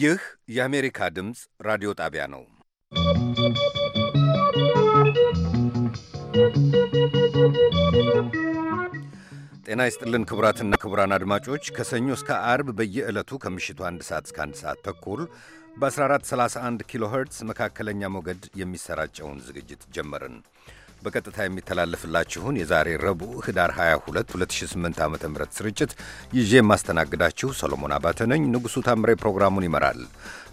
ይህ የአሜሪካ ድምፅ ራዲዮ ጣቢያ ነው። ጤና ይስጥልን ክቡራትና ክቡራን አድማጮች ከሰኞ እስከ አርብ በየዕለቱ ከምሽቱ አንድ ሰዓት እስከ አንድ ሰዓት ተኩል በ1431 ኪሎ ኸርትዝ መካከለኛ ሞገድ የሚሰራጨውን ዝግጅት ጀመርን። በቀጥታ የሚተላለፍላችሁን የዛሬ ረቡዕ ህዳር 22 2008 ዓ ም ስርጭት ይዤ የማስተናግዳችሁ ሰሎሞን አባተ ነኝ። ንጉሡ ታምሬ ፕሮግራሙን ይመራል።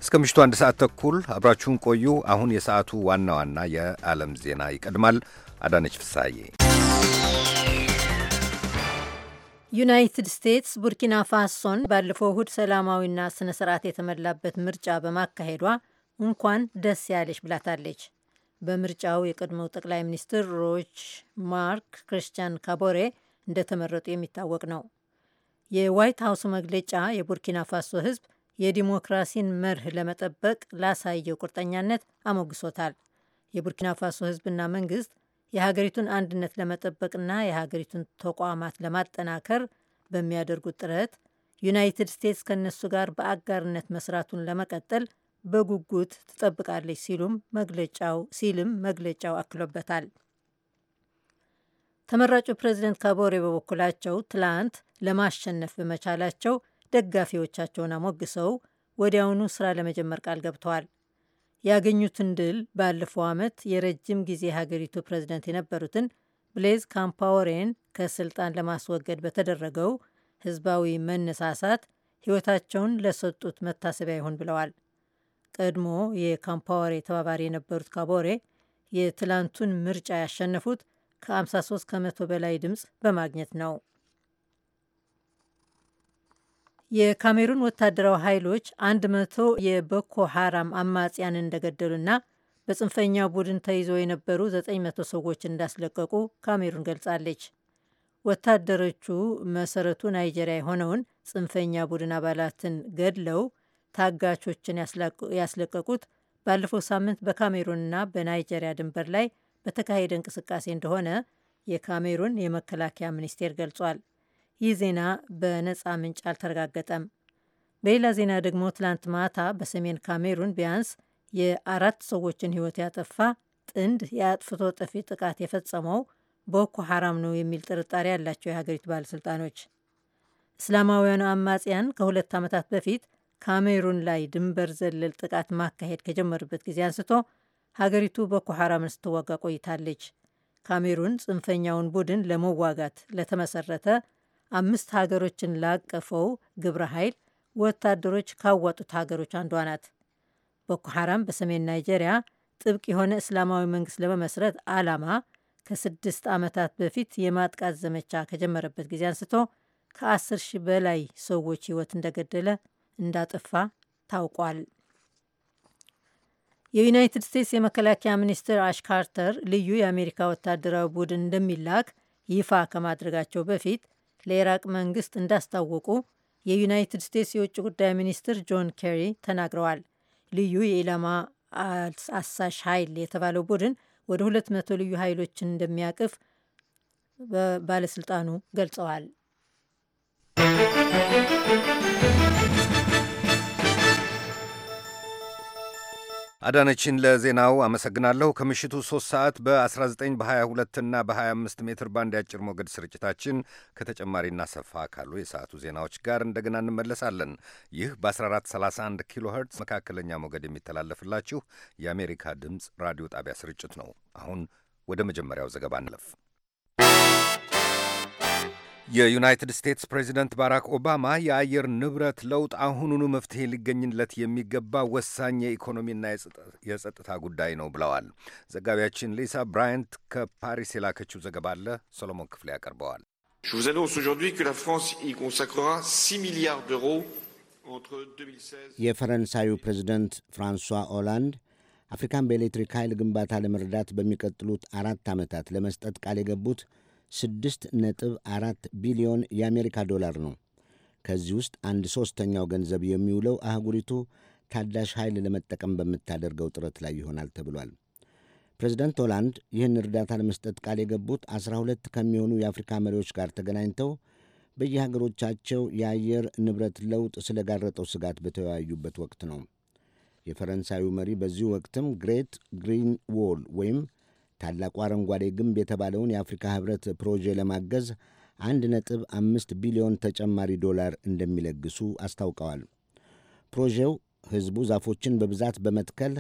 እስከ ምሽቱ አንድ ሰዓት ተኩል አብራችሁን ቆዩ። አሁን የሰዓቱ ዋና ዋና የዓለም ዜና ይቀድማል። አዳነች ፍሳዬ። ዩናይትድ ስቴትስ ቡርኪና ፋሶን ባለፈው እሁድ ሰላማዊና ስነ ስርዓት የተመላበት ምርጫ በማካሄዷ እንኳን ደስ ያለች ብላታለች። በምርጫው የቀድሞው ጠቅላይ ሚኒስትር ሮች ማርክ ክርስቲያን ካቦሬ እንደተመረጡ የሚታወቅ ነው። የዋይት ሀውስ መግለጫ የቡርኪና ፋሶ ህዝብ የዲሞክራሲን መርህ ለመጠበቅ ላሳየው ቁርጠኛነት አሞግሶታል። የቡርኪና ፋሶ ህዝብና መንግስት የሀገሪቱን አንድነት ለመጠበቅና የሀገሪቱን ተቋማት ለማጠናከር በሚያደርጉት ጥረት ዩናይትድ ስቴትስ ከእነሱ ጋር በአጋርነት መስራቱን ለመቀጠል በጉጉት ትጠብቃለች ሲሉም መግለጫው ሲልም መግለጫው አክሎበታል። ተመራጩ ፕሬዚደንት ካቦሬ በበኩላቸው ትላንት ለማሸነፍ በመቻላቸው ደጋፊዎቻቸውን አሞግሰው ወዲያውኑ ስራ ለመጀመር ቃል ገብተዋል። ያገኙትን ድል ባለፈው ዓመት የረጅም ጊዜ ሀገሪቱ ፕሬዚደንት የነበሩትን ብሌዝ ካምፓወሬን ከስልጣን ለማስወገድ በተደረገው ህዝባዊ መነሳሳት ህይወታቸውን ለሰጡት መታሰቢያ ይሁን ብለዋል። ቀድሞ የካምፓወሬ ተባባሪ የነበሩት ካቦሬ የትላንቱን ምርጫ ያሸነፉት ከ53 ከመቶ በላይ ድምፅ በማግኘት ነው። የካሜሩን ወታደራዊ ኃይሎች 100 የቦኮ ሃራም አማጽያንን እንደገደሉና በጽንፈኛ ቡድን ተይዘው የነበሩ 900 ሰዎች እንዳስለቀቁ ካሜሩን ገልጻለች። ወታደሮቹ መሰረቱ ናይጄሪያ የሆነውን ጽንፈኛ ቡድን አባላትን ገድለው ታጋቾችን ያስለቀቁት ባለፈው ሳምንት በካሜሩንና በናይጀሪያ ድንበር ላይ በተካሄደ እንቅስቃሴ እንደሆነ የካሜሩን የመከላከያ ሚኒስቴር ገልጿል። ይህ ዜና በነፃ ምንጭ አልተረጋገጠም። በሌላ ዜና ደግሞ ትላንት ማታ በሰሜን ካሜሩን ቢያንስ የአራት ሰዎችን ሕይወት ያጠፋ ጥንድ የአጥፍቶ ጠፊ ጥቃት የፈጸመው ቦኮ ሐራም ነው የሚል ጥርጣሬ ያላቸው የሀገሪቱ ባለሥልጣኖች እስላማውያኑ አማጽያን ከሁለት ዓመታት በፊት ካሜሩን ላይ ድንበር ዘለል ጥቃት ማካሄድ ከጀመረበት ጊዜ አንስቶ ሀገሪቱ ቦኮ ሐራምን ስትዋጋ ቆይታለች። ካሜሩን ጽንፈኛውን ቡድን ለመዋጋት ለተመሰረተ አምስት ሀገሮችን ላቀፈው ግብረ ኃይል ወታደሮች ካዋጡት ሀገሮች አንዷ ናት። ቦኮ ሐራም በሰሜን ናይጄሪያ ጥብቅ የሆነ እስላማዊ መንግስት ለመመስረት ዓላማ ከስድስት ዓመታት በፊት የማጥቃት ዘመቻ ከጀመረበት ጊዜ አንስቶ ከአስር ሺህ በላይ ሰዎች ህይወት እንደገደለ እንዳጠፋ ታውቋል። የዩናይትድ ስቴትስ የመከላከያ ሚኒስትር አሽ ካርተር ልዩ የአሜሪካ ወታደራዊ ቡድን እንደሚላክ ይፋ ከማድረጋቸው በፊት ለኢራቅ መንግስት እንዳስታወቁ የዩናይትድ ስቴትስ የውጭ ጉዳይ ሚኒስትር ጆን ኬሪ ተናግረዋል። ልዩ የኢላማ አሳሽ ኃይል የተባለው ቡድን ወደ ሁለት መቶ ልዩ ኃይሎችን እንደሚያቅፍ ባለስልጣኑ ገልጸዋል። አዳነችን ለዜናው አመሰግናለሁ። ከምሽቱ 3 ሰዓት በ19 በ22 እና በ25 ሜትር ባንድ የአጭር ሞገድ ስርጭታችን ከተጨማሪና ሰፋ ካሉ የሰዓቱ ዜናዎች ጋር እንደገና እንመለሳለን። ይህ በ1431 ኪሎ ኸርትዝ መካከለኛ ሞገድ የሚተላለፍላችሁ የአሜሪካ ድምፅ ራዲዮ ጣቢያ ስርጭት ነው። አሁን ወደ መጀመሪያው ዘገባ እንለፍ። የዩናይትድ ስቴትስ ፕሬዚደንት ባራክ ኦባማ የአየር ንብረት ለውጥ አሁኑኑ መፍትሄ ሊገኝለት የሚገባ ወሳኝ የኢኮኖሚና የጸጥታ ጉዳይ ነው ብለዋል። ዘጋቢያችን ሊሳ ብራያንት ከፓሪስ የላከችው ዘገባ አለ። ሰሎሞን ክፍሌ ያቀርበዋል። የፈረንሳዩ ፕሬዚደንት ፍራንሷ ኦላንድ አፍሪካን በኤሌክትሪክ ኃይል ግንባታ ለመርዳት በሚቀጥሉት አራት ዓመታት ለመስጠት ቃል የገቡት ስድስት ነጥብ አራት ቢሊዮን የአሜሪካ ዶላር ነው። ከዚህ ውስጥ አንድ ሦስተኛው ገንዘብ የሚውለው አህጉሪቱ ታዳሽ ኃይል ለመጠቀም በምታደርገው ጥረት ላይ ይሆናል ተብሏል። ፕሬዚደንት ሆላንድ ይህን እርዳታ ለመስጠት ቃል የገቡት አስራ ሁለት ከሚሆኑ የአፍሪካ መሪዎች ጋር ተገናኝተው በየሀገሮቻቸው የአየር ንብረት ለውጥ ስለጋረጠው ስጋት በተወያዩበት ወቅት ነው። የፈረንሳዩ መሪ በዚህ ወቅትም ግሬት ግሪን ዎል ወይም ታላቁ አረንጓዴ ግንብ የተባለውን የአፍሪካ ህብረት ፕሮጄ ለማገዝ 1.5 ቢሊዮን ተጨማሪ ዶላር እንደሚለግሱ አስታውቀዋል። ፕሮጄው ሕዝቡ ዛፎችን በብዛት በመትከል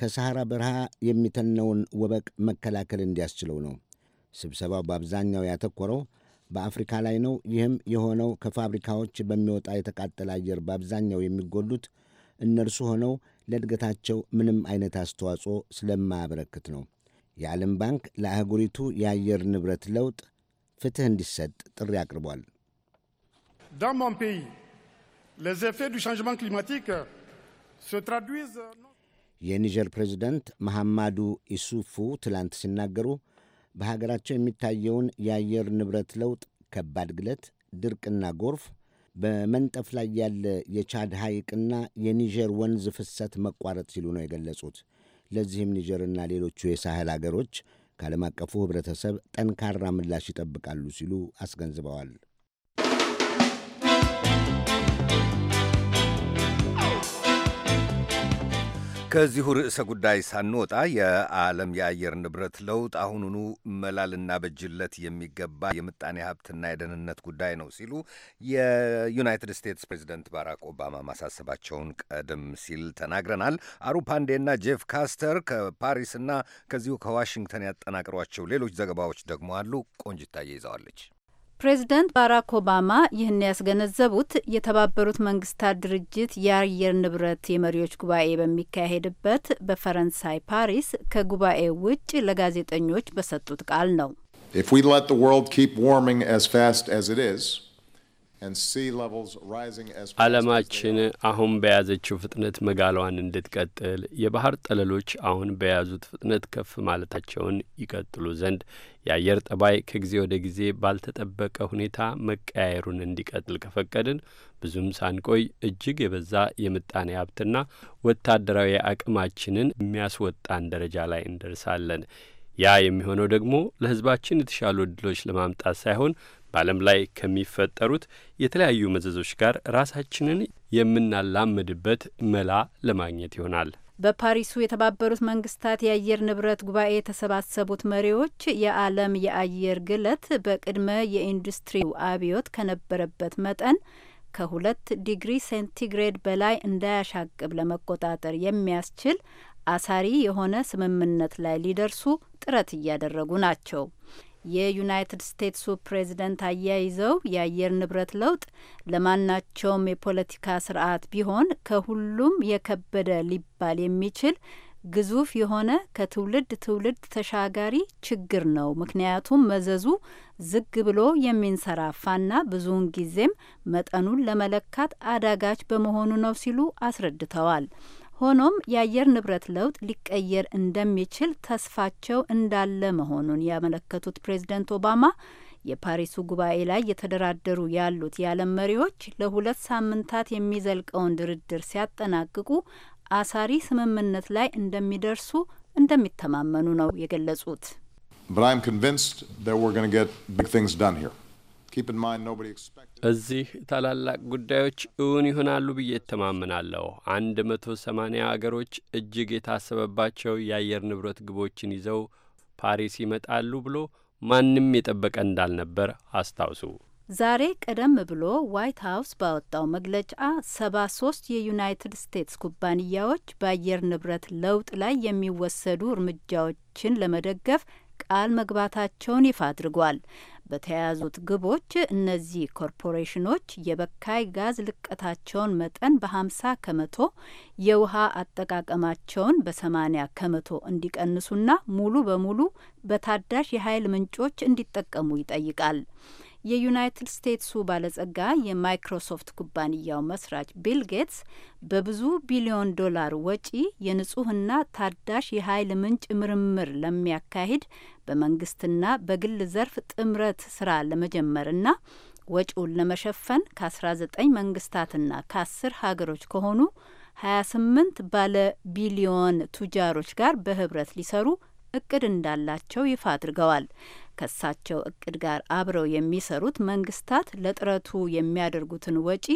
ከሰሐራ በረሃ የሚተነውን ወበቅ መከላከል እንዲያስችለው ነው። ስብሰባው በአብዛኛው ያተኮረው በአፍሪካ ላይ ነው። ይህም የሆነው ከፋብሪካዎች በሚወጣ የተቃጠለ አየር በአብዛኛው የሚጎዱት እነርሱ ሆነው ለእድገታቸው ምንም አይነት አስተዋጽኦ ስለማያበረክት ነው። የዓለም ባንክ ለአህጉሪቱ የአየር ንብረት ለውጥ ፍትሕ እንዲሰጥ ጥሪ አቅርቧል። የኒጀር ፕሬዚደንት መሐማዱ ኢሱፉ ትላንት ሲናገሩ በሀገራቸው የሚታየውን የአየር ንብረት ለውጥ፣ ከባድ ግለት፣ ድርቅና ጎርፍ፣ በመንጠፍ ላይ ያለ የቻድ ሐይቅና የኒጀር ወንዝ ፍሰት መቋረጥ ሲሉ ነው የገለጹት። ለዚህም ኒጀርና ሌሎቹ የሳህል አገሮች ከዓለም አቀፉ ኅብረተሰብ ጠንካራ ምላሽ ይጠብቃሉ ሲሉ አስገንዝበዋል። ከዚሁ ርዕሰ ጉዳይ ሳንወጣ የዓለም የአየር ንብረት ለውጥ አሁኑኑ መላልና በጅለት የሚገባ የምጣኔ ሀብትና የደህንነት ጉዳይ ነው ሲሉ የዩናይትድ ስቴትስ ፕሬዚደንት ባራክ ኦባማ ማሳሰባቸውን ቀደም ሲል ተናግረናል። አሩ ፓንዴና ጄፍ ካስተር ከፓሪስና ከዚሁ ከዋሽንግተን ያጠናቀሯቸው ሌሎች ዘገባዎች ደግሞ አሉ። ቆንጅታዬ ይዘዋለች። ፕሬዚደንት ባራክ ኦባማ ይህን ያስገነዘቡት የተባበሩት መንግስታት ድርጅት የአየር ንብረት የመሪዎች ጉባኤ በሚካሄድበት በፈረንሳይ ፓሪስ ከጉባኤው ውጭ ለጋዜጠኞች በሰጡት ቃል ነው። ዓለማችን አሁን በያዘችው ፍጥነት መጋሏን እንድትቀጥል የባህር ጠለሎች አሁን በያዙት ፍጥነት ከፍ ማለታቸውን ይቀጥሉ ዘንድ የአየር ጠባይ ከጊዜ ወደ ጊዜ ባልተጠበቀ ሁኔታ መቀያየሩን እንዲቀጥል ከፈቀድን ብዙም ሳንቆይ እጅግ የበዛ የምጣኔ ሀብትና ወታደራዊ አቅማችንን የሚያስወጣን ደረጃ ላይ እንደርሳለን። ያ የሚሆነው ደግሞ ለሕዝባችን የተሻሉ እድሎች ለማምጣት ሳይሆን በዓለም ላይ ከሚፈጠሩት የተለያዩ መዘዞች ጋር ራሳችንን የምናላምድበት መላ ለማግኘት ይሆናል። በፓሪሱ የተባበሩት መንግስታት የአየር ንብረት ጉባኤ የተሰባሰቡት መሪዎች የዓለም የአየር ግለት በቅድመ የኢንዱስትሪው አብዮት ከነበረበት መጠን ከሁለት ዲግሪ ሴንቲግሬድ በላይ እንዳያሻቅብ ለመቆጣጠር የሚያስችል አሳሪ የሆነ ስምምነት ላይ ሊደርሱ ጥረት እያደረጉ ናቸው። የዩናይትድ ስቴትሱ ፕሬዚደንት አያይዘው የአየር ንብረት ለውጥ ለማናቸውም የፖለቲካ ስርዓት ቢሆን ከሁሉም የከበደ ሊባል የሚችል ግዙፍ የሆነ ከትውልድ ትውልድ ተሻጋሪ ችግር ነው። ምክንያቱም መዘዙ ዝግ ብሎ የሚንሰራፋና ብዙውን ጊዜም መጠኑን ለመለካት አዳጋች በመሆኑ ነው ሲሉ አስረድተዋል። ሆኖም የአየር ንብረት ለውጥ ሊቀየር እንደሚችል ተስፋቸው እንዳለ መሆኑን ያመለከቱት ፕሬዝደንት ኦባማ የፓሪሱ ጉባኤ ላይ እየተደራደሩ ያሉት የዓለም መሪዎች ለሁለት ሳምንታት የሚዘልቀውን ድርድር ሲያጠናቅቁ አሳሪ ስምምነት ላይ እንደሚደርሱ እንደሚተማመኑ ነው የገለጹት። እዚህ ታላላቅ ጉዳዮች እውን ይሆናሉ ብዬ እተማመናለሁ። አንድ መቶ ሰማኒያ አገሮች እጅግ የታሰበባቸው የአየር ንብረት ግቦችን ይዘው ፓሪስ ይመጣሉ ብሎ ማንም የጠበቀ እንዳልነበር አስታውሱ። ዛሬ ቀደም ብሎ ዋይት ሀውስ ባወጣው መግለጫ ሰባ ሶስት የዩናይትድ ስቴትስ ኩባንያዎች በአየር ንብረት ለውጥ ላይ የሚወሰዱ እርምጃዎችን ለመደገፍ ቃል መግባታቸውን ይፋ አድርጓል። በተያያዙት ግቦች እነዚህ ኮርፖሬሽኖች የበካይ ጋዝ ልቀታቸውን መጠን በ50 ከመቶ የውሃ አጠቃቀማቸውን በ80 ከመቶ እንዲቀንሱና ሙሉ በሙሉ በታዳሽ የኃይል ምንጮች እንዲጠቀሙ ይጠይቃል። የዩናይትድ ስቴትሱ ባለጸጋ የማይክሮሶፍት ኩባንያው መስራች ቢል ጌትስ በብዙ ቢሊዮን ዶላር ወጪ የንጹህና ታዳሽ የኃይል ምንጭ ምርምር ለሚያካሂድ በመንግስትና በግል ዘርፍ ጥምረት ስራ ለመጀመርና ወጪውን ለመሸፈን ከ19 መንግስታትና ከ10 ሀገሮች ከሆኑ 28 ባለ ቢሊዮን ቱጃሮች ጋር በህብረት ሊሰሩ እቅድ እንዳላቸው ይፋ አድርገዋል። ከሳቸው እቅድ ጋር አብረው የሚሰሩት መንግስታት ለጥረቱ የሚያደርጉትን ወጪ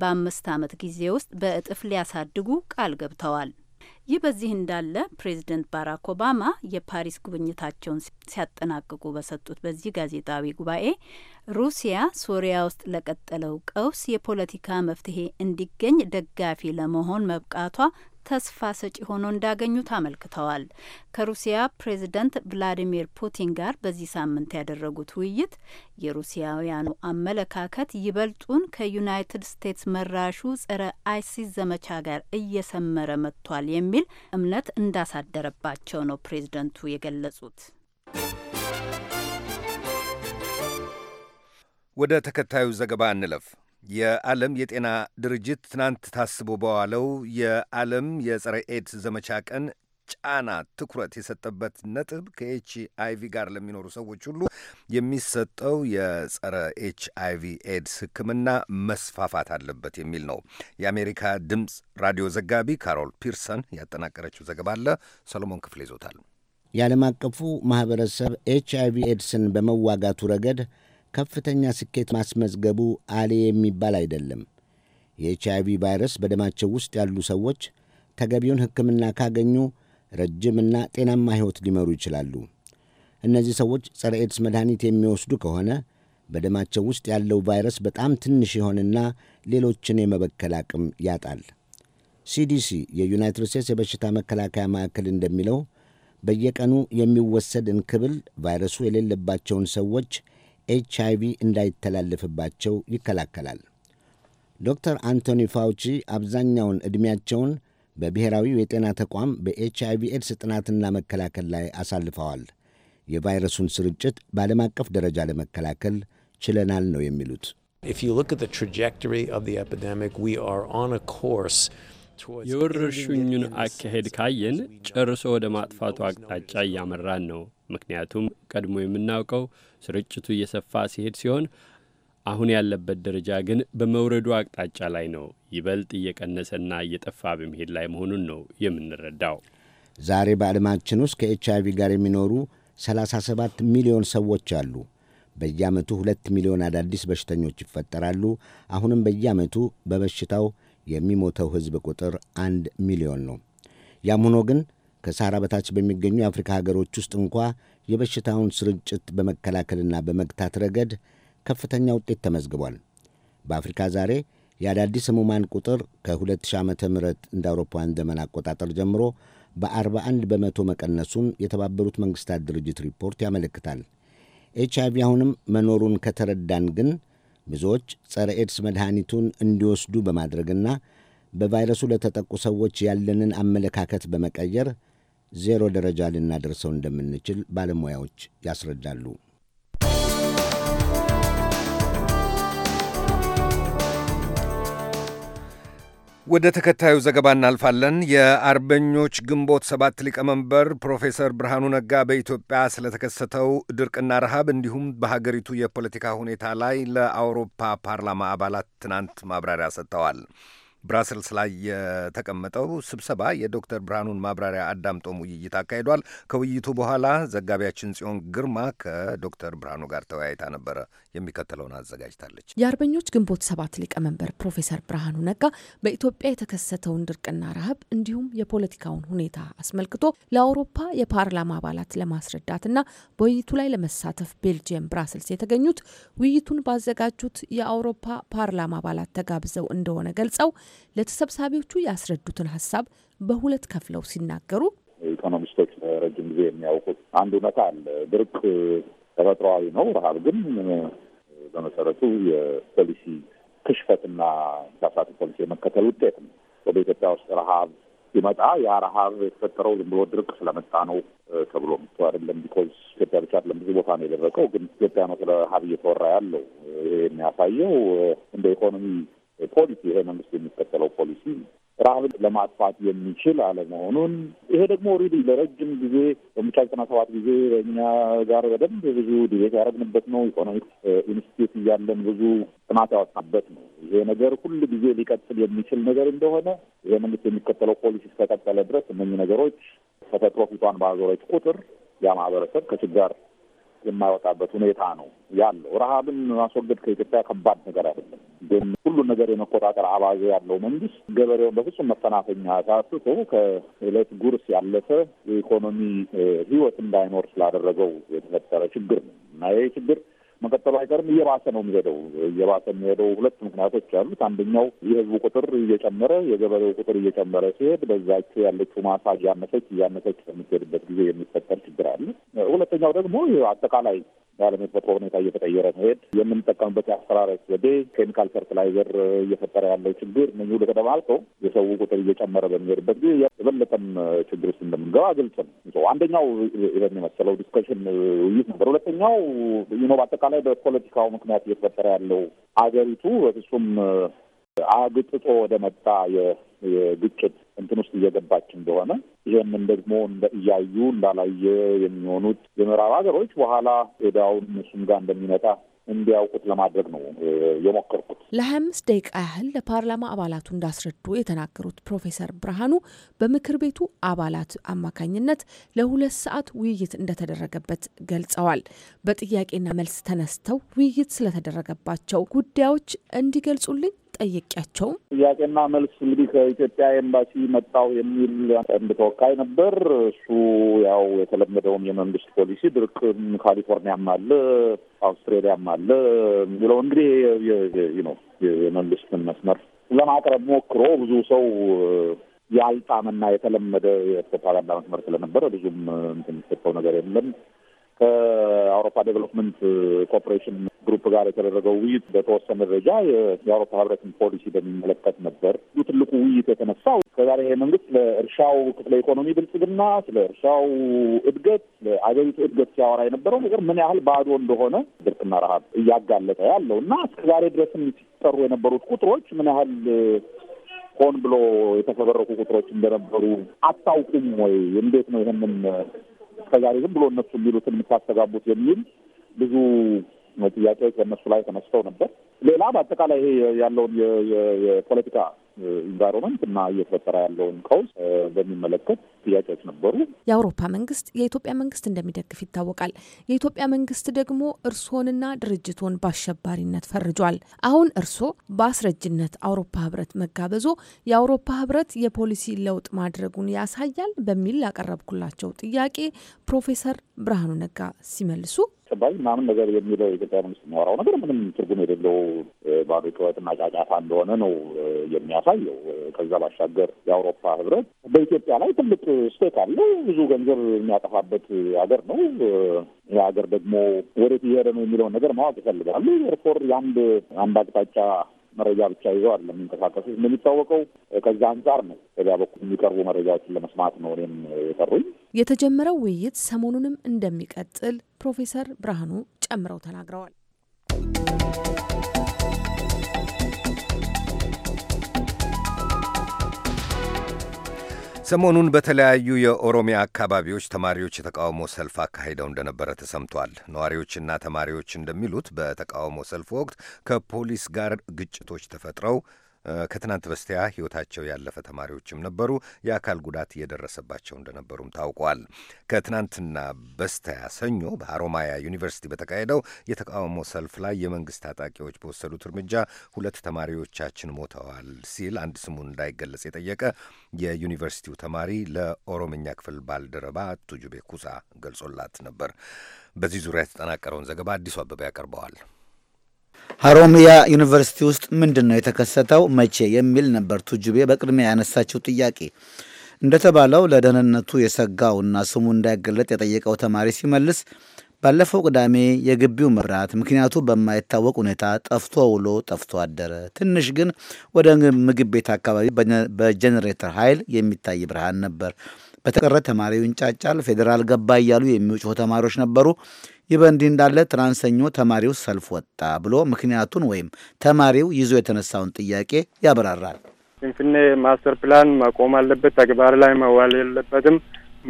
በአምስት ዓመት ጊዜ ውስጥ በእጥፍ ሊያሳድጉ ቃል ገብተዋል። ይህ በዚህ እንዳለ ፕሬዚደንት ባራክ ኦባማ የፓሪስ ጉብኝታቸውን ሲያጠናቅቁ በሰጡት በዚህ ጋዜጣዊ ጉባኤ ሩሲያ ሶሪያ ውስጥ ለቀጠለው ቀውስ የፖለቲካ መፍትሄ እንዲገኝ ደጋፊ ለመሆን መብቃቷ ተስፋ ሰጪ ሆኖ እንዳገኙት አመልክተዋል። ከሩሲያ ፕሬዝደንት ቭላዲሚር ፑቲን ጋር በዚህ ሳምንት ያደረጉት ውይይት የሩሲያውያኑ አመለካከት ይበልጡን ከዩናይትድ ስቴትስ መራሹ ጸረ አይሲስ ዘመቻ ጋር እየሰመረ መጥቷል የሚል እምነት እንዳሳደረባቸው ነው ፕሬዝደንቱ የገለጹት። ወደ ተከታዩ ዘገባ እንለፍ። የዓለም የጤና ድርጅት ትናንት ታስቦ በዋለው የዓለም የጸረ ኤድስ ዘመቻ ቀን ጫና ትኩረት የሰጠበት ነጥብ ከኤች አይቪ ጋር ለሚኖሩ ሰዎች ሁሉ የሚሰጠው የጸረ ኤች አይቪ ኤድስ ሕክምና መስፋፋት አለበት የሚል ነው። የአሜሪካ ድምፅ ራዲዮ ዘጋቢ ካሮል ፒርሰን ያጠናቀረችው ዘገባ አለ። ሰሎሞን ክፍል ይዞታል። የዓለም አቀፉ ማኅበረሰብ ኤች አይቪ ኤድስን በመዋጋቱ ረገድ ከፍተኛ ስኬት ማስመዝገቡ አሌ የሚባል አይደለም። የኤች አይቪ ቫይረስ በደማቸው ውስጥ ያሉ ሰዎች ተገቢውን ሕክምና ካገኙ ረጅምና ጤናማ ሕይወት ሊመሩ ይችላሉ። እነዚህ ሰዎች ጸረ ኤድስ መድኃኒት የሚወስዱ ከሆነ በደማቸው ውስጥ ያለው ቫይረስ በጣም ትንሽ ይሆንና ሌሎችን የመበከል አቅም ያጣል። ሲዲሲ የዩናይትድ ስቴትስ የበሽታ መከላከያ ማዕከል እንደሚለው በየቀኑ የሚወሰድ እንክብል ቫይረሱ የሌለባቸውን ሰዎች ኤች ቪ እንዳይተላለፍባቸው ይከላከላል። ዶክተር አንቶኒ ፋውቺ አብዛኛውን ዕድሜያቸውን በብሔራዊው የጤና ተቋም በኤች ቪ ኤድስ ጥናትና መከላከል ላይ አሳልፈዋል። የቫይረሱን ስርጭት በዓለም አቀፍ ደረጃ ለመከላከል ችለናል ነው የሚሉት። የወረርሽኙን አካሄድ ካየን ጨርሶ ወደ ማጥፋቱ አቅጣጫ እያመራን ነው። ምክንያቱም ቀድሞ የምናውቀው ስርጭቱ እየሰፋ ሲሄድ ሲሆን አሁን ያለበት ደረጃ ግን በመውረዱ አቅጣጫ ላይ ነው። ይበልጥ እየቀነሰና እየጠፋ በመሄድ ላይ መሆኑን ነው የምንረዳው። ዛሬ በዓለማችን ውስጥ ከኤች አይቪ ጋር የሚኖሩ 37 ሚሊዮን ሰዎች አሉ። በየዓመቱ ሁለት ሚሊዮን አዳዲስ በሽተኞች ይፈጠራሉ። አሁንም በየዓመቱ በበሽታው የሚሞተው ሕዝብ ቁጥር አንድ ሚሊዮን ነው። ያም ሆኖ ግን ከሳራ በታች በሚገኙ የአፍሪካ ሀገሮች ውስጥ እንኳ የበሽታውን ስርጭት በመከላከልና በመግታት ረገድ ከፍተኛ ውጤት ተመዝግቧል። በአፍሪካ ዛሬ የአዳዲስ ህሙማን ቁጥር ከ2000 ዓ ም እንደ አውሮፓውያን ዘመን አቆጣጠር ጀምሮ በ41 በመቶ መቀነሱን የተባበሩት መንግሥታት ድርጅት ሪፖርት ያመለክታል። ኤች አይቪ አሁንም መኖሩን ከተረዳን ግን ብዙዎች ጸረ ኤድስ መድኃኒቱን እንዲወስዱ በማድረግና በቫይረሱ ለተጠቁ ሰዎች ያለንን አመለካከት በመቀየር ዜሮ ደረጃ ልናደርሰው እንደምንችል ባለሙያዎች ያስረዳሉ። ወደ ተከታዩ ዘገባ እናልፋለን። የአርበኞች ግንቦት ሰባት ሊቀመንበር ፕሮፌሰር ብርሃኑ ነጋ በኢትዮጵያ ስለተከሰተው ድርቅና ረሃብ እንዲሁም በሀገሪቱ የፖለቲካ ሁኔታ ላይ ለአውሮፓ ፓርላማ አባላት ትናንት ማብራሪያ ሰጥተዋል። ብራስልስ ላይ የተቀመጠው ስብሰባ የዶክተር ብርሃኑን ማብራሪያ አዳምጦም ውይይት አካሂዷል። ከውይይቱ በኋላ ዘጋቢያችን ጽዮን ግርማ ከዶክተር ብርሃኑ ጋር ተወያይታ ነበረ። የሚከተለውን አዘጋጅታለች። የአርበኞች ግንቦት ሰባት ሊቀመንበር ፕሮፌሰር ብርሃኑ ነጋ በኢትዮጵያ የተከሰተውን ድርቅና ረሃብ እንዲሁም የፖለቲካውን ሁኔታ አስመልክቶ ለአውሮፓ የፓርላማ አባላት ለማስረዳትና በውይይቱ ላይ ለመሳተፍ ቤልጅየም ብራስልስ የተገኙት ውይይቱን ባዘጋጁት የአውሮፓ ፓርላማ አባላት ተጋብዘው እንደሆነ ገልጸው ለተሰብሳቢዎቹ ያስረዱትን ሀሳብ በሁለት ከፍለው ሲናገሩ ኢኮኖሚስቶች ረጅም ጊዜ የሚያውቁት አንድ እውነታ አለ። ድርቅ ተፈጥሯዊ ነው። ረሀብ ግን በመሰረቱ የፖሊሲ ክሽፈትና ሳሳት ፖሊሲ የመከተል ውጤት ነው። ወደ ኢትዮጵያ ውስጥ ረሀብ ሲመጣ ያ ረሀብ የተፈጠረው ዝም ብሎ ድርቅ ስለመጣ ነው ተብሎ ምቶ አይደለም። ቢኮዝ ኢትዮጵያ ብቻ አይደለም ብዙ ቦታ ነው የደረቀው፣ ግን ኢትዮጵያ ነው ስለ ረሀብ እየተወራ ያለው። ይሄ የሚያሳየው እንደ ኢኮኖሚ ፖሊሲ ይሄ መንግስት የሚከተለው ፖሊሲ ረሀብን ለማጥፋት የሚችል አለመሆኑን ይሄ ደግሞ ኦልሬዲ ለረጅም ጊዜ በምቻ ዘጠና ሰባት ጊዜ በእኛ ጋር በደንብ ብዙ ዲቤት ያደረግንበት ነው። ኢኮኖሚክ ኢንስቲትዩት እያለን ብዙ ጥናት ያወጣበት ነው። ይሄ ነገር ሁል ጊዜ ሊቀጥል የሚችል ነገር እንደሆነ ይሄ መንግስት የሚከተለው ፖሊሲ እስከቀጠለ ድረስ እነኚህ ነገሮች ተፈጥሮ ፊቷን ባዞረች ቁጥር ያ ማህበረሰብ ከችጋር የማይወጣበት ሁኔታ ነው ያለው። ረሀብን ማስወገድ ከኢትዮጵያ ከባድ ነገር አይደለም፣ ግን ሁሉን ነገር የመቆጣጠር አባዜ ያለው መንግስት ገበሬውን በፍጹም መፈናፈኛ ታስቶ ከእለት ጉርስ ያለፈ የኢኮኖሚ ህይወት እንዳይኖር ስላደረገው የተፈጠረ ችግር ነው እና ይህ ችግር መቀጠሉ አይቀርም። እየባሰ ነው የሚሄደው። እየባሰ የሚሄደው ሁለት ምክንያቶች አሉት። አንደኛው የህዝቡ ቁጥር እየጨመረ የገበሬው ቁጥር እየጨመረ ሲሄድ በዛቸው ያለችው ማሳ እያነሰች እያነሰች በምትሄድበት ጊዜ የሚፈጠር ችግር አለ። ሁለተኛው ደግሞ አጠቃላይ የዓለም የተፈጥሮ ሁኔታ እየተቀየረ መሄድ፣ የምንጠቀምበት የአሰራረት ዘዴ፣ ኬሚካል ፈርትላይዘር እየፈጠረ ያለው ችግር እነ ሁሉ ተደባልቀው የሰው ቁጥር እየጨመረ በሚሄድበት ጊዜ የበለጠም ችግር ውስጥ እንደምንገባ ግልጽ ነው። አንደኛው ይሄን የመሰለው ዲስከሽን ውይይት ነበር። ሁለተኛው ይኖ በአጠቃላይ በአጠቃላይ በፖለቲካው ምክንያት እየተፈጠረ ያለው አገሪቱ በፍጹም አግጥጦ ወደ መጣ የግጭት እንትን ውስጥ እየገባች እንደሆነ ይህንን ደግሞ እያዩ እንዳላየ የሚሆኑት የምዕራብ ሀገሮች በኋላ ዕዳውን እሱም ጋር እንደሚመጣ እንዲያውቁት ለማድረግ ነው የሞከርኩት። ለሀያ አምስት ደቂቃ ያህል ለፓርላማ አባላቱ እንዳስረዱ የተናገሩት ፕሮፌሰር ብርሃኑ በምክር ቤቱ አባላት አማካኝነት ለሁለት ሰዓት ውይይት እንደተደረገበት ገልጸዋል። በጥያቄና መልስ ተነስተው ውይይት ስለተደረገባቸው ጉዳዮች እንዲገልጹልኝ ጠየቂያቸው ጥያቄና መልስ እንግዲህ ከኢትዮጵያ ኤምባሲ መጣው የሚል አንድ ተወካይ ነበር። እሱ ያው የተለመደውን የመንግስት ፖሊሲ ድርቅ ካሊፎርኒያም አለ አውስትሬሊያም አለ የሚለው እንግዲህ ነው የመንግስትን መስመር ለማቅረብ ሞክሮ ብዙ ሰው ያልጣመና የተለመደ የፕሮፓጋንዳ መስመር ስለነበረ ብዙም እንትን የሚሰጠው ነገር የለም። ከአውሮፓ ዴቨሎፕመንት ኮርፖሬሽን ግሩፕ ጋር የተደረገው ውይይት በተወሰነ ደረጃ የአውሮፓ ህብረትን ፖሊሲ በሚመለከት ነበር። ትልቁ ውይይት የተነሳው ከዛሬ መንግስት ለእርሻው ክፍለ ኢኮኖሚ ብልጽግና፣ ስለ እርሻው እድገት፣ ለአገሪቱ እድገት ሲያወራ የነበረው ነገር ምን ያህል ባዶ እንደሆነ ድርቅና ረሀብ እያጋለጠ ያለው እና እስከዛሬ ድረስም ሲጠሩ የነበሩት ቁጥሮች ምን ያህል ሆን ብሎ የተፈበረኩ ቁጥሮች እንደነበሩ አታውቁም ወይ? እንዴት ነው ይህንን እስከዛሬ ዝም ብሎ እነሱ የሚሉትን የምታስተጋቡት የሚል ብዙ ጥያቄዎች በእነሱ ላይ ተነስተው ነበር። ሌላ በአጠቃላይ ይሄ ያለውን የፖለቲካ ኢንቫይሮመንት እና እየተፈጠረ ያለውን ቀውስ በሚመለከት ጥያቄዎች ነበሩ። የአውሮፓ መንግስት የኢትዮጵያ መንግስት እንደሚደግፍ ይታወቃል። የኢትዮጵያ መንግስት ደግሞ እርስዎንና ድርጅቶን በአሸባሪነት ፈርጇል። አሁን እርስዎ በአስረጅነት አውሮፓ ህብረት መጋበዞ የአውሮፓ ህብረት የፖሊሲ ለውጥ ማድረጉን ያሳያል በሚል ያቀረብኩላቸው ጥያቄ ፕሮፌሰር ብርሃኑ ነጋ ሲመልሱ ተቀባይ ምናምን ነገር የሚለው የኢትዮጵያ መንግስት የሚያወራው ነገር ምንም ትርጉም የሌለው ባዶ ጩኸትና ጫጫታ እንደሆነ ነው የሚያሳየው። ከዛ ባሻገር የአውሮፓ ህብረት በኢትዮጵያ ላይ ትልቅ ስቴክ አለው። ብዙ ገንዘብ የሚያጠፋበት ሀገር ነው። የሀገር ደግሞ ወዴት እየሄደ ነው የሚለውን ነገር ማወቅ ይፈልጋሉ። ፎር የአንድ አንድ አቅጣጫ መረጃ ብቻ ይዘው አይደለም እንደሚታወቀው ከዛ አንጻር ነው በዚያ በኩል የሚቀርቡ መረጃዎችን ለመስማት ነው እኔም የጠሩኝ። የተጀመረው ውይይት ሰሞኑንም እንደሚቀጥል ፕሮፌሰር ብርሃኑ ጨምረው ተናግረዋል። ሰሞኑን በተለያዩ የኦሮሚያ አካባቢዎች ተማሪዎች የተቃውሞ ሰልፍ አካሂደው እንደነበረ ተሰምቷል። ነዋሪዎችና ተማሪዎች እንደሚሉት በተቃውሞ ሰልፍ ወቅት ከፖሊስ ጋር ግጭቶች ተፈጥረው ከትናንት በስቲያ ሕይወታቸው ያለፈ ተማሪዎችም ነበሩ። የአካል ጉዳት እየደረሰባቸው እንደነበሩም ታውቋል። ከትናንትና በስቲያ ሰኞ በአሮማያ ዩኒቨርሲቲ በተካሄደው የተቃውሞ ሰልፍ ላይ የመንግስት ታጣቂዎች በወሰዱት እርምጃ ሁለት ተማሪዎቻችን ሞተዋል ሲል አንድ ስሙ እንዳይገለጽ የጠየቀ የዩኒቨርሲቲው ተማሪ ለኦሮምኛ ክፍል ባልደረባ ቱጁቤ ኩሳ ገልጾላት ነበር። በዚህ ዙሪያ የተጠናቀረውን ዘገባ አዲሱ አበባ ያቀርበዋል። ሀሮሚያ ዩኒቨርሲቲ ውስጥ ምንድን ነው የተከሰተው? መቼ የሚል ነበር ቱጁቤ በቅድሚያ ያነሳችው ጥያቄ። እንደተባለው ለደህንነቱ የሰጋውና ስሙ እንዳይገለጥ የጠየቀው ተማሪ ሲመልስ ባለፈው ቅዳሜ የግቢው መብራት ምክንያቱ በማይታወቅ ሁኔታ ጠፍቶ ውሎ ጠፍቶ አደረ። ትንሽ ግን ወደ ምግብ ቤት አካባቢ በጀኔሬተር ኃይል የሚታይ ብርሃን ነበር። በተቀረ ተማሪው ይንጫጫል፣ ፌዴራል ገባ እያሉ የሚውጭሆ ተማሪዎች ነበሩ። ይህ በእንዲህ እንዳለ ትናንት ሰኞ ተማሪው ሰልፍ ወጣ ብሎ ምክንያቱን ወይም ተማሪው ይዞ የተነሳውን ጥያቄ ያብራራል። ፍንፍኔ ማስተር ፕላን መቆም አለበት፣ ተግባር ላይ መዋል የለበትም።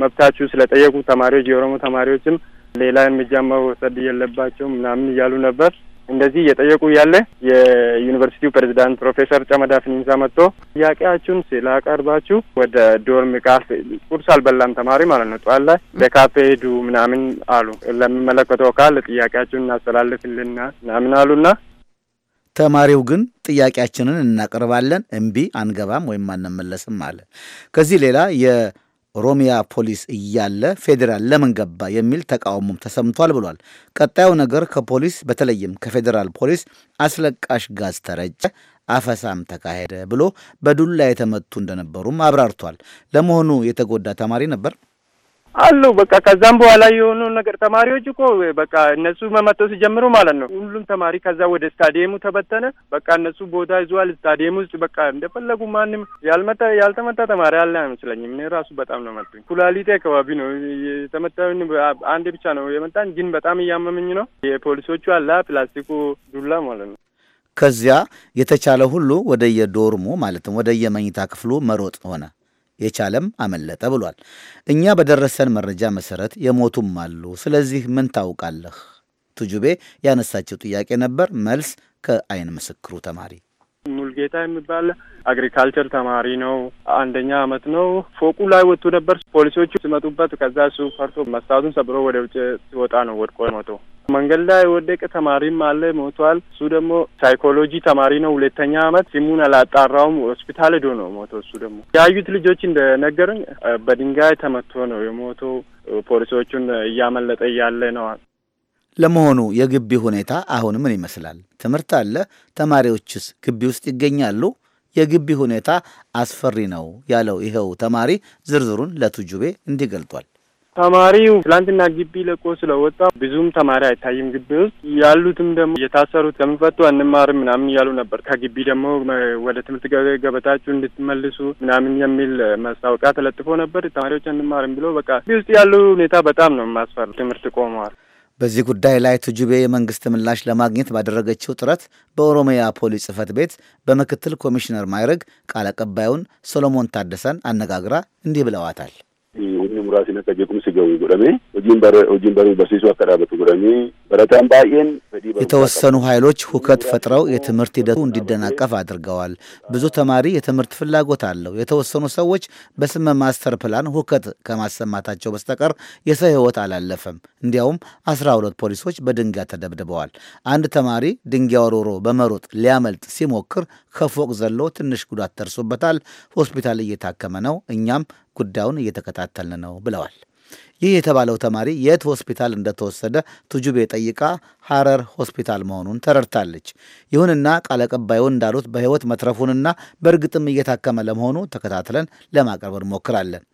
መብታችሁ ስለጠየቁ ተማሪዎች የኦሮሞ ተማሪዎችም ሌላ እርምጃ መውሰድ የለባቸው ምናምን እያሉ ነበር። እንደዚህ እየጠየቁ ያለ የዩኒቨርሲቲው ፕሬዚዳንት ፕሮፌሰር ጨመዳ ፊኒንሳ መጥቶ ጥያቄያችሁን ስላቀርባችሁ ወደ ዶርም ካፌ ቁርስ አልበላም ተማሪ ማለት ነው። ጠዋት ላይ በካፌ ሄዱ ምናምን አሉ። ለሚመለከተው ካል ጥያቄያችሁን እናስተላልፍልና ምናምን አሉና ተማሪው ግን ጥያቄያችንን እናቀርባለን፣ እምቢ አንገባም ወይም አንመለስም አለ። ከዚህ ሌላ ኦሮሚያ ፖሊስ እያለ ፌዴራል ለምን ገባ የሚል ተቃውሞም ተሰምቷል ብሏል። ቀጣዩ ነገር ከፖሊስ በተለይም ከፌዴራል ፖሊስ አስለቃሽ ጋዝ ተረጨ፣ አፈሳም ተካሄደ ብሎ በዱላ የተመቱ እንደነበሩም አብራርቷል። ለመሆኑ የተጎዳ ተማሪ ነበር? አሉ በቃ ከዛም በኋላ የሆኑ ነገር ተማሪዎች እኮ በቃ እነሱ መመጠው ሲጀምሩ ማለት ነው ሁሉም ተማሪ ከዛ ወደ ስታዲየሙ ተበተነ። በቃ እነሱ ቦታ ይዘዋል ስታዲየም ውስጥ በቃ እንደፈለጉ ማንም ያልመጣ ያልተመታ ተማሪ አለ አይመስለኝም። እኔ ራሱ በጣም ነው መጡኝ። ኩላሊቴ አካባቢ ነው የተመታኝ። አንድ ብቻ ነው የመጣን፣ ግን በጣም እያመመኝ ነው። የፖሊሶቹ አለ ፕላስቲኩ ዱላ ማለት ነው። ከዚያ የተቻለ ሁሉ ወደ የዶርሙ ማለትም ወደ የመኝታ ክፍሉ መሮጥ ሆነ። የቻለም አመለጠ ብሏል። እኛ በደረሰን መረጃ መሰረት የሞቱም አሉ። ስለዚህ ምን ታውቃለህ? ቱጁቤ ያነሳቸው ጥያቄ ነበር። መልስ ከአይን ምስክሩ ተማሪ ሙልጌታ የሚባል አግሪካልቸር ተማሪ ነው። አንደኛ አመት ነው። ፎቁ ላይ ወጥቶ ነበር ፖሊሶቹ ሲመጡበት፣ ከዛ እሱ ፈርቶ መስታቱን ሰብሮ ወደ ውጭ ሲወጣ ነው ወድቆ ሞቶ መንገድ ላይ የወደቀ ተማሪም አለ ሞቷል። እሱ ደግሞ ሳይኮሎጂ ተማሪ ነው፣ ሁለተኛ አመት። ስሙን አላጣራውም። ሆስፒታል ሄዶ ነው ሞቶ። እሱ ደግሞ ያዩት ልጆች እንደነገሩኝ በድንጋይ ተመቶ ነው የሞቶ። ፖሊሶቹን እያመለጠ እያለ ነው። ለመሆኑ የግቢ ሁኔታ አሁን ምን ይመስላል? ትምህርት አለ? ተማሪዎችስ ግቢ ውስጥ ይገኛሉ? የግቢ ሁኔታ አስፈሪ ነው ያለው ይኸው ተማሪ ዝርዝሩን ለቱጁቤ እንዲህ ገልጧል። ተማሪው ትላንትና ግቢ ለቆ ስለወጣ ብዙም ተማሪ አይታይም ግቢ ውስጥ ያሉትም ደግሞ የታሰሩት ከምፈቱ አንማርም ምናምን እያሉ ነበር። ከግቢ ደግሞ ወደ ትምህርት ገበታችሁ እንድትመልሱ ምናምን የሚል ማስታወቂያ ተለጥፎ ነበር። ተማሪዎች አንማርም ብሎ በቃ ግቢ ውስጥ ያሉ ሁኔታ በጣም ነው የማስፈር። ትምህርት ቆመዋል። በዚህ ጉዳይ ላይ ቱጁቤ የመንግስት ምላሽ ለማግኘት ባደረገችው ጥረት በኦሮሚያ ፖሊስ ጽሕፈት ቤት በምክትል ኮሚሽነር ማይረግ ቃል አቀባዩን ሶሎሞን ታደሰን አነጋግራ እንዲህ ብለዋታል። humni muraasni akka jeequmsi ga'u godhame hojiin hojiin baruu barsiisuu akka dhaabatu godhamee barataan baay'een የተወሰኑ ኃይሎች ሁከት ፈጥረው የትምህርት ሂደቱ እንዲደናቀፍ አድርገዋል። ብዙ ተማሪ የትምህርት ፍላጎት አለው። የተወሰኑ ሰዎች በስመ ማስተር ፕላን ሁከት ከማሰማታቸው በስተቀር የሰው ሕይወት አላለፈም። እንዲያውም አስራ ሁለት ፖሊሶች በድንጋይ ተደብድበዋል። አንድ ተማሪ ድንጋይ ወርውሮ በመሮጥ ሊያመልጥ ሲሞክር ከፎቅ ዘሎ ትንሽ ጉዳት ደርሶበታል። ሆስፒታል እየታከመ ነው። እኛም ጉዳዩን እየተከታተልን ነው ብለዋል። ይህ የተባለው ተማሪ የት ሆስፒታል እንደተወሰደ ቱጁቤ ጠይቃ ሐረር ሆስፒታል መሆኑን ተረድታለች። ይሁንና ቃል አቀባዩ እንዳሉት በሕይወት መትረፉንና በእርግጥም እየታከመ ለመሆኑ ተከታትለን ለማቅረብ እንሞክራለን።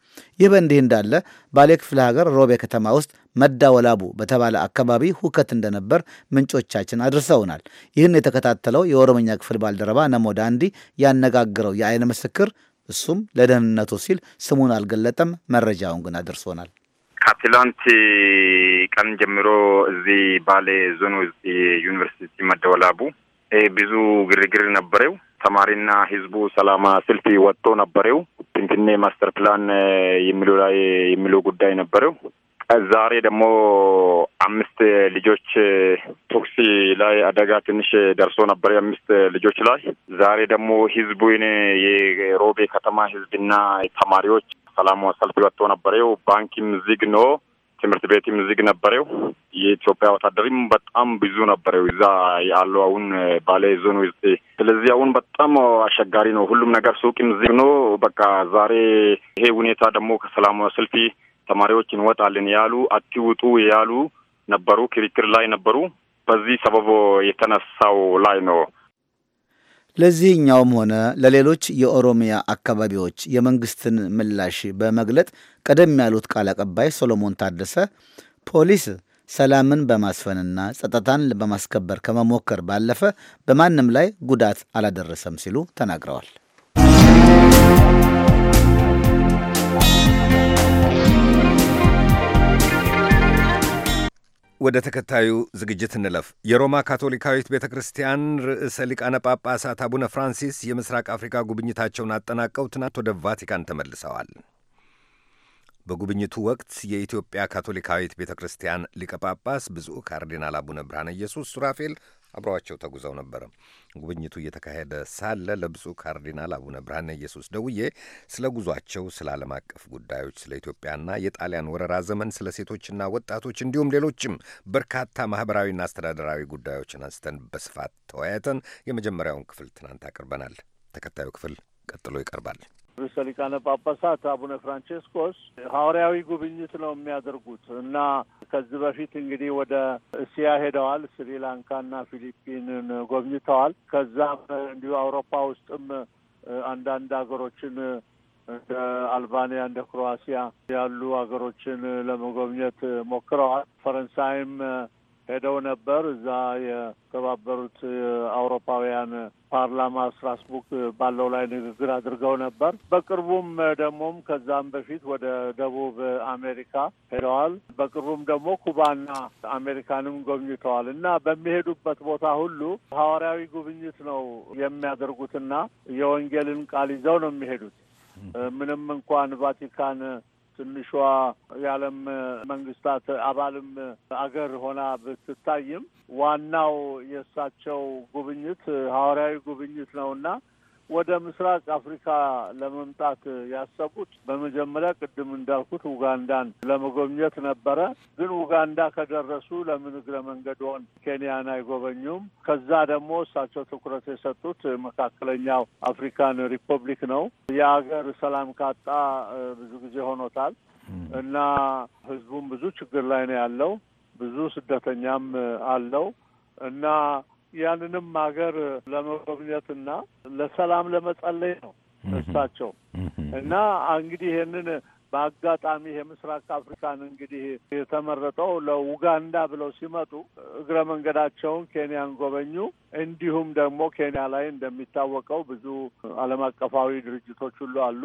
ይህ በእንዲህ እንዳለ ባሌ ክፍለ ሀገር ሮቤ ከተማ ውስጥ መዳወላቡ በተባለ አካባቢ ሁከት እንደነበር ምንጮቻችን አድርሰውናል። ይህን የተከታተለው የኦሮምኛ ክፍል ባልደረባ ነሞዳ እንዲ ያነጋግረው የአይን ምስክር እሱም ለደህንነቱ ሲል ስሙን አልገለጠም። መረጃውን ግን አድርሶናል። ከትላንት ቀን ጀምሮ እዚህ ባሌ ዞን ውስጥ የዩኒቨርሲቲ መደወላቡ ብዙ ግርግር ነበረው። ተማሪና ህዝቡ ሰላማ ስልፍ ወጥቶ ነበረው። ፊንፊኔ ማስተር ፕላን የሚሉ ላይ የሚለው ጉዳይ ነበረው። ዛሬ ደግሞ አምስት ልጆች ቶክሲ ላይ አደጋ ትንሽ ደርሶ ነበር፣ የአምስት ልጆች ላይ። ዛሬ ደግሞ ህዝቡን የሮቤ ከተማ ህዝብና ተማሪዎች ሰላሙ ሰልፍ ወጥቶ ነበረው። ባንክም ዝግ ነው፣ ትምህርት ቤትም ዝግ ነበረው። የኢትዮጵያ ወታደሪም በጣም ብዙ ነበረው እዛ ያለው አሁን ባሌ ዞን ውስጥ። ስለዚህ አሁን በጣም አስቸጋሪ ነው ሁሉም ነገር፣ ሱቅም ዝግ ነው። በቃ ዛሬ ይሄ ሁኔታ ደግሞ ከሰላሙ ሰልፊ ተማሪዎች እንወጣልን ያሉ አትውጡ ያሉ ነበሩ፣ ክርክር ላይ ነበሩ። በዚህ ሰበብ የተነሳው ላይ ነው። ለዚህኛውም ሆነ ለሌሎች የኦሮሚያ አካባቢዎች የመንግስትን ምላሽ በመግለጥ ቀደም ያሉት ቃል አቀባይ ሶሎሞን ታደሰ ፖሊስ ሰላምን በማስፈንና ጸጥታን በማስከበር ከመሞከር ባለፈ በማንም ላይ ጉዳት አላደረሰም ሲሉ ተናግረዋል። ወደ ተከታዩ ዝግጅት እንለፍ። የሮማ ካቶሊካዊት ቤተ ክርስቲያን ርዕሰ ሊቃነ ጳጳሳት አቡነ ፍራንሲስ የምስራቅ አፍሪካ ጉብኝታቸውን አጠናቀው ትናንት ወደ ቫቲካን ተመልሰዋል። በጉብኝቱ ወቅት የኢትዮጵያ ካቶሊካዊት ቤተ ክርስቲያን ሊቀ ጳጳስ ብፁዕ ካርዲናል አቡነ ብርሃነ ኢየሱስ ሱራፌል አብረዋቸው ተጉዘው ነበረ። ጉብኝቱ እየተካሄደ ሳለ ለብፁዕ ካርዲናል አቡነ ብርሃነ ኢየሱስ ደውዬ ስለ ጉዟቸው፣ ስለ ዓለም አቀፍ ጉዳዮች፣ ስለ ኢትዮጵያና የጣሊያን ወረራ ዘመን፣ ስለ ሴቶችና ወጣቶች እንዲሁም ሌሎችም በርካታ ማኅበራዊና አስተዳደራዊ ጉዳዮችን አንስተን በስፋት ተወያይተን የመጀመሪያውን ክፍል ትናንት አቅርበናል። ተከታዩ ክፍል ቀጥሎ ይቀርባል። ርዕሰ ሊቃነ ጳጳሳት አቡነ ፍራንቼስኮስ ሐዋርያዊ ጉብኝት ነው የሚያደርጉት እና ከዚህ በፊት እንግዲህ ወደ እስያ ሄደዋል። ስሪላንካና ፊሊፒንን ጎብኝተዋል። ከዛም እንዲሁ አውሮፓ ውስጥም አንዳንድ ሀገሮችን እንደ አልባንያ እንደ ክሮዋሲያ ያሉ ሀገሮችን ለመጎብኘት ሞክረዋል። ፈረንሳይም ሄደው ነበር። እዛ የተባበሩት አውሮፓውያን ፓርላማ ስትራስቡርግ ባለው ላይ ንግግር አድርገው ነበር። በቅርቡም ደግሞም ከዛም በፊት ወደ ደቡብ አሜሪካ ሄደዋል። በቅርቡም ደግሞ ኩባና አሜሪካንም ጎብኝተዋል እና በሚሄዱበት ቦታ ሁሉ ሐዋርያዊ ጉብኝት ነው የሚያደርጉትና የወንጌልን ቃል ይዘው ነው የሚሄዱት። ምንም እንኳን ቫቲካን ትንሿ የዓለም መንግስታት አባልም አገር ሆና ብትታይም ዋናው የእሳቸው ጉብኝት ሐዋርያዊ ጉብኝት ነውና ወደ ምስራቅ አፍሪካ ለመምጣት ያሰቡት በመጀመሪያ ቅድም እንዳልኩት ኡጋንዳን ለመጎብኘት ነበረ። ግን ኡጋንዳ ከደረሱ ለምን እግረ ኬንያን አይጎበኙም? ከዛ ደግሞ እሳቸው ትኩረት የሰጡት መካከለኛው አፍሪካን ሪፐብሊክ ነው። የሀገር ሰላም ካጣ ብዙ ጊዜ ሆኖታል እና ህዝቡም ብዙ ችግር ላይ ነው ያለው። ብዙ ስደተኛም አለው እና ያንንም ሀገር ለመጎብኘትና ለሰላም ለመጸለይ ነው እሳቸው እና እንግዲህ ይሄንን በአጋጣሚ የምስራቅ አፍሪካን እንግዲህ የተመረጠው ለኡጋንዳ ብለው ሲመጡ እግረ መንገዳቸውን ኬንያን ጎበኙ። እንዲሁም ደግሞ ኬንያ ላይ እንደሚታወቀው ብዙ ዓለም አቀፋዊ ድርጅቶች ሁሉ አሉ።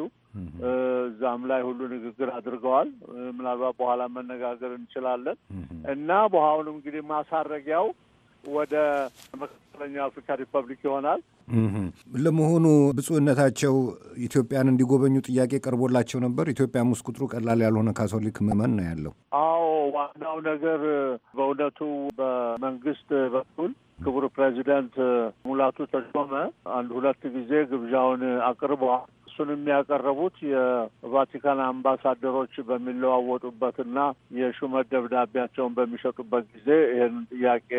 እዛም ላይ ሁሉ ንግግር አድርገዋል። ምናልባት በኋላ መነጋገር እንችላለን እና በአሁኑ እንግዲህ ማሳረጊያው ወደ መካከለኛ አፍሪካ ሪፐብሊክ ይሆናል። ለመሆኑ ብፁዕነታቸው ኢትዮጵያን እንዲጎበኙ ጥያቄ ቀርቦላቸው ነበር? ኢትዮጵያም ውስጥ ቁጥሩ ቀላል ያልሆነ ካቶሊክ ምዕመን ነው ያለው። አዎ፣ ዋናው ነገር በእውነቱ በመንግስት በኩል ክቡር ፕሬዚደንት ሙላቱ ተሾመ አንድ ሁለት ጊዜ ግብዣውን አቅርበዋል። እሱን የሚያቀረቡት የቫቲካን አምባሳደሮች በሚለዋወጡበትና የሹመት ደብዳቤያቸውን በሚሸጡበት ጊዜ ይህን ጥያቄ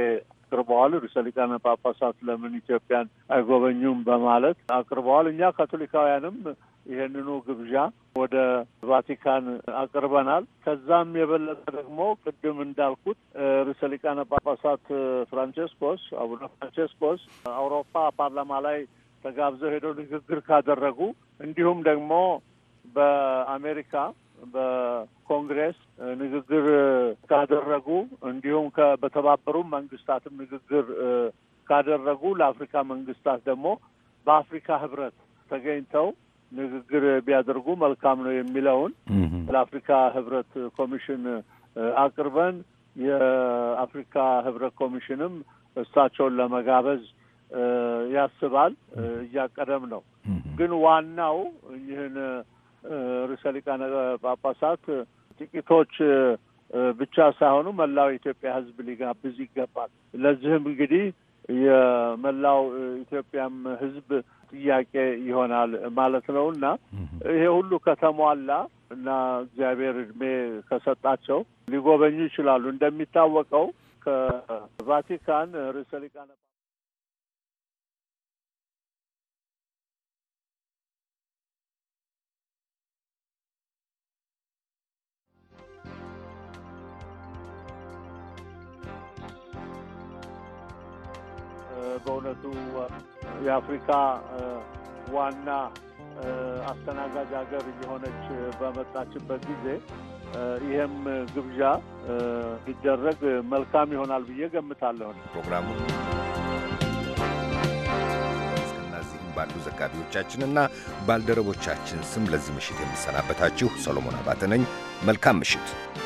አቅርበዋል። ርዕሰ ሊቃነ ጳጳሳት ለምን ኢትዮጵያን አይጎበኙም በማለት አቅርበዋል። እኛ ካቶሊካውያንም ይህንኑ ግብዣ ወደ ቫቲካን አቅርበናል። ከዛም የበለጠ ደግሞ ቅድም እንዳልኩት ርዕሰ ሊቃነ ጳጳሳት ፍራንቼስኮስ አቡነ ፍራንቼስኮስ አውሮፓ ፓርላማ ላይ ተጋብዘው ሄደው ንግግር ካደረጉ እንዲሁም ደግሞ በአሜሪካ በኮንግሬስ ንግግር ካደረጉ እንዲሁም በተባበሩ መንግስታትም ንግግር ካደረጉ ለአፍሪካ መንግስታት ደግሞ በአፍሪካ ህብረት ተገኝተው ንግግር ቢያደርጉ መልካም ነው የሚለውን ለአፍሪካ ህብረት ኮሚሽን አቅርበን የአፍሪካ ህብረት ኮሚሽንም እሳቸውን ለመጋበዝ ያስባል፣ እያቀደም ነው። ግን ዋናው ይህን ርዕሰ ሊቃነ ጳጳሳት ጥቂቶች ብቻ ሳይሆኑ መላው የኢትዮጵያ ሕዝብ ሊጋብዝ ይገባል። ለዚህም እንግዲህ የመላው ኢትዮጵያም ሕዝብ ጥያቄ ይሆናል ማለት ነው እና ይሄ ሁሉ ከተሟላ እና እግዚአብሔር እድሜ ከሰጣቸው ሊጎበኙ ይችላሉ። እንደሚታወቀው ከቫቲካን ርዕሰ ሊቃነ በእውነቱ የአፍሪካ ዋና አስተናጋጅ ሀገር እየሆነች በመጣችበት ጊዜ ይህም ግብዣ ሊደረግ መልካም ይሆናል ብዬ ገምታለሁ። ፕሮግራሙ እስከናዚህም ባሉ ዘጋቢዎቻችንና ባልደረቦቻችን ስም ለዚህ ምሽት የምሰናበታችሁ ሰሎሞን አባተ ነኝ። መልካም ምሽት።